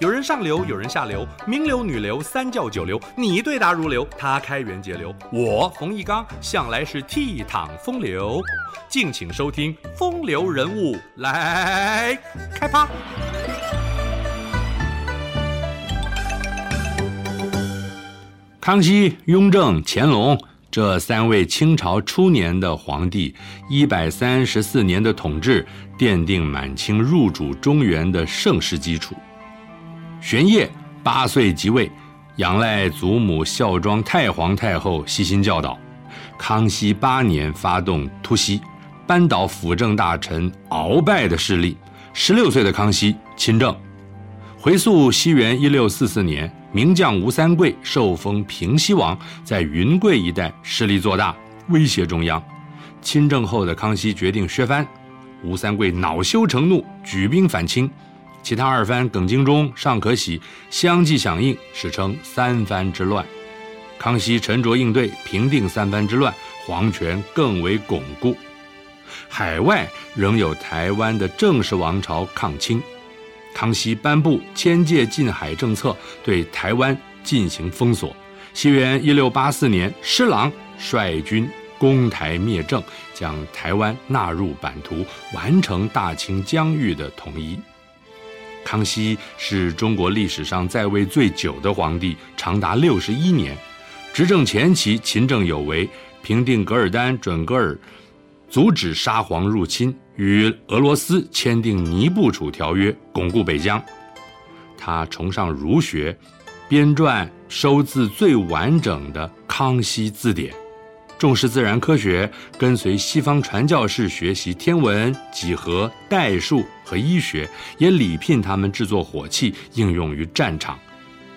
有人上流，有人下流，名流、女流、三教九流，你對答如流，他開源節流。我馮翊綱向來是倜儻風流，敬請收聽《風流人物》來開趴。康熙、雍正、乾隆這三位清朝初年的皇帝，一百三十四年的統治，奠定滿清入主中原的盛世基礎。玄燁八歲即位，仰賴祖母孝莊太皇太后悉心教導。康熙八年發動突襲，扳倒輔政大臣鰲拜的勢力。十六歲的康熙親政。回溯西元一六四四年，名將吳三桂受封平西王，在雲貴一帶勢力坐大，威脅中央。親政後的康熙決定削藩，吳三桂惱羞成怒，舉兵反清。其他二藩耿精忠、尚可喜相繼響應，史稱“三藩之亂”。康熙沉着應對，平定三藩之亂，皇權更為鞏固。海外仍有台灣的鄭氏王朝抗清。康熙頒布遷界禁海政策，對台灣進行封鎖。西元一六八四年，施琅率軍攻台滅鄭，將台灣納入版圖，完成大清疆域的統一。康熙是中國歷史上在位最久的皇帝，長達六十一年。執政前期勤政有為，平定噶爾丹、準噶爾，阻止沙皇入侵，與俄羅斯簽訂《尼布楚條約》，鞏固北疆。他崇尚儒學，編撰收字最完整的《康熙字典》。重視自然科學，跟隨西方傳教士學習天文、幾何、代數和醫學，也禮聘他們制作火器應用於戰場。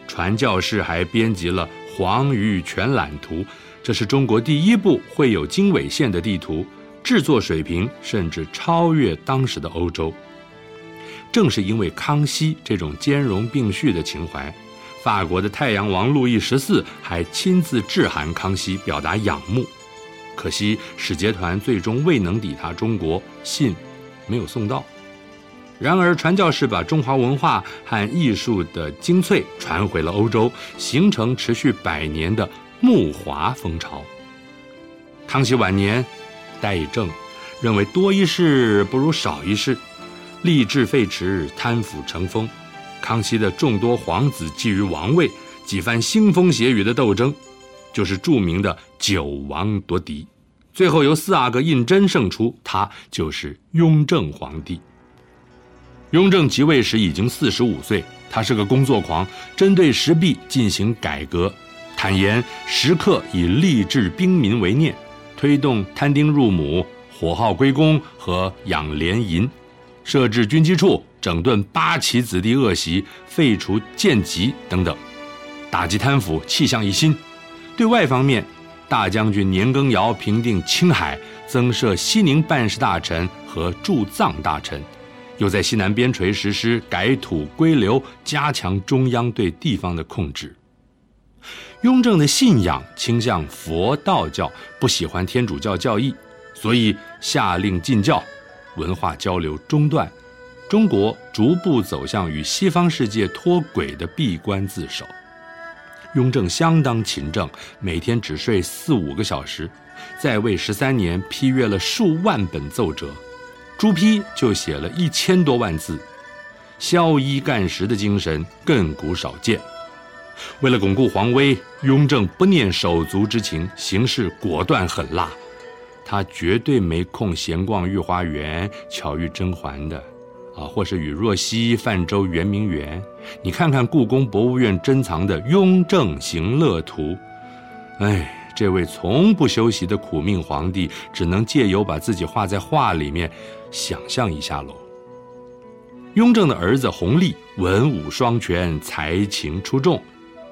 傳教士還編輯了《皇輿全覽圖》，這是中國第一部繪有經緯線的地圖，制作水平甚至超越當時的歐洲。正是因為康熙這種兼容並蓄的情懷。法國的太陽王路易十四還親自致函康熙，表達仰慕。可惜使節團最終未能抵達中國，信沒有送到。然而，傳教士把中華文化和藝術的精粹傳回了歐洲，形成持續百年的“慕華”風潮。康熙晚年怠政，認為多一事不如少一事，吏治廢弛，貪腐成風。康熙的眾多皇子覬覦王位，幾番腥風血雨的鬥爭，就是著名的九王奪嫡，最後由四阿哥胤禛勝出，他就是雍正皇帝。雍正即位時已經四十五歲，他是個工作狂，針對時弊進行改革，坦言時刻以吏治兵民為念，推動攤丁入畝、火耗歸公和養廉銀，設置軍機處。整頓八旗子弟惡習，廢除賤籍等等，打擊貪腐，氣象一新。對外方面，大將軍年羹堯平定青海，增設西寧辦事大臣和駐藏大臣，又在西南邊陲實施改土歸流，加強中央對地方的控制。雍正的信仰傾向佛道教，不喜歡天主教教義，所以下令禁教，文化交流中斷。中國逐步走向與西方世界脫軌的閉關自守。雍正相當勤政，每天只睡四五個小時，在位十三年，批閱了數萬本奏摺，朱批就寫了一千多萬字，宵衣旰食的精神亘古少見。為了鞏固皇威，雍正不念手足之情，行事果斷狠辣，他絕對沒空閒逛御花園，巧遇甄嬛的。.啊，或是與若曦泛舟圓明園，你看看故宮博物院珍藏的《雍正行樂圖》，哎，這位從不休息的苦命皇帝，只能借由把自己畫在畫裡面，想象一下嘍。雍正的兒子弘歷，文武雙全，才情出眾，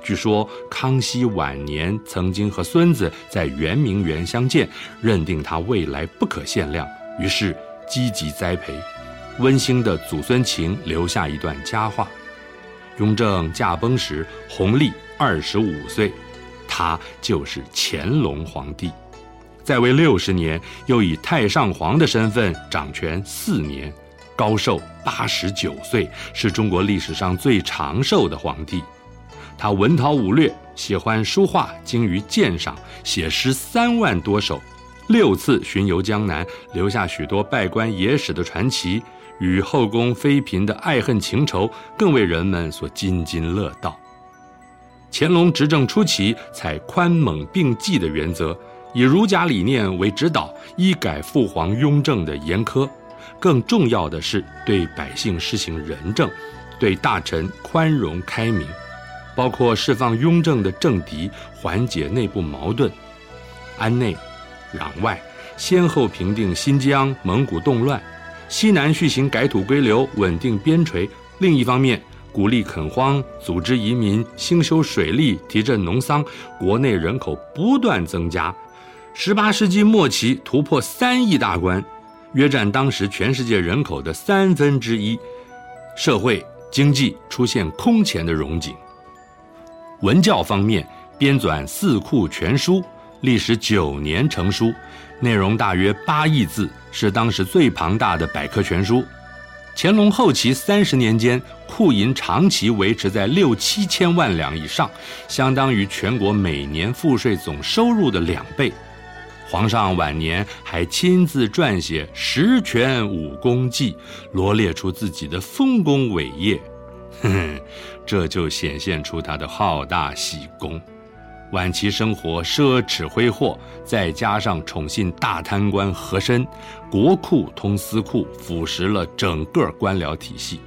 據說康熙晚年曾經和孫子在圓明園相見，認定他未來不可限量，於是積極栽培。溫馨的祖孫情留下一段佳話。雍正駕崩時，弘曆二十五歲，他就是乾隆皇帝，在位六十年，又以太上皇的身份掌權四年，高壽八十九歲，是中國歷史上最長壽的皇帝。他文韜武略，喜歡書畫，精於鑑賞，寫詩三萬多首，六次巡遊江南，留下許多稗官野史的傳奇。與後宮妃嬪的愛恨情仇更為人們所津津樂道。乾隆執政初期，採寬猛並濟的原則，以儒家理念為指導，一改父皇雍正的嚴苛。更重要的是，對百姓施行仁政，對大臣寬容開明，包括釋放雍正的政敵，緩解內部矛盾，安內攘外，先後平定新疆、蒙古動亂。西南續行改土歸流，穩定邊陲；另一方面，鼓勵墾荒，組織移民，興修水利，提振農桑。國內人口不斷增加，18世紀末期突破三億大關，約佔當時全世界人口的三分之一，社會經濟出現空前的榮景。文教方面，編纂《四庫全書》。歷時九年成書，內容大約八億字，是當時最龐大的百科全書。乾隆後期三十年間，庫銀長期維持在六七千萬兩以上，相當於全國每年賦稅總收入的兩倍。皇上晚年還親自撰寫《十全武功記》，羅列出自己的豐功偉業，哼哼，這就顯現出他的好大喜功。晚期生活奢侈揮霍，再加上寵信大貪官和珅，國庫通私庫，腐蝕了整個官僚體系，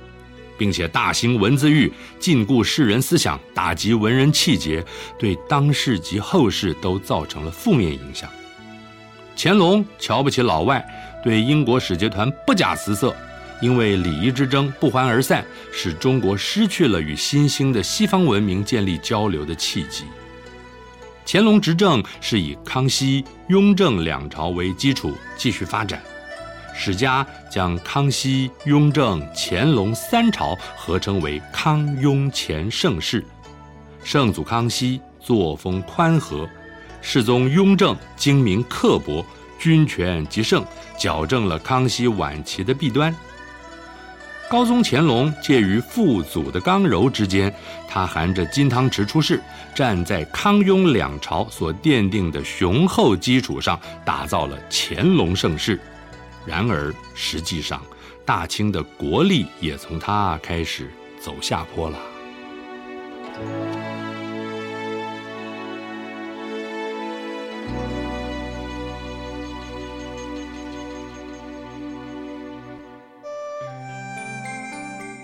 並且大興文字獄，禁錮世人思想，打擊文人氣節，對當世及後世都造成了負面影響。乾隆瞧不起老外，對英國使節團不假辭色，因為禮儀之爭不歡而散，使中國失去了與新興的西方文明建立交流的契機。乾隆執政是以康熙、雍正兩朝為基礎繼續發展，史家將康熙、雍正、乾隆三朝合稱為“康雍乾盛世”。聖祖康熙作風寬和，世宗雍正精明刻薄，君權極盛，矯正了康熙晚期的弊端。高宗乾隆介於父祖的剛柔之間，他含着金湯匙出世，站在康雍兩朝所奠定的雄厚基礎上，打造了乾隆盛世。然而，實際上，大清的國力也從他開始走下坡了。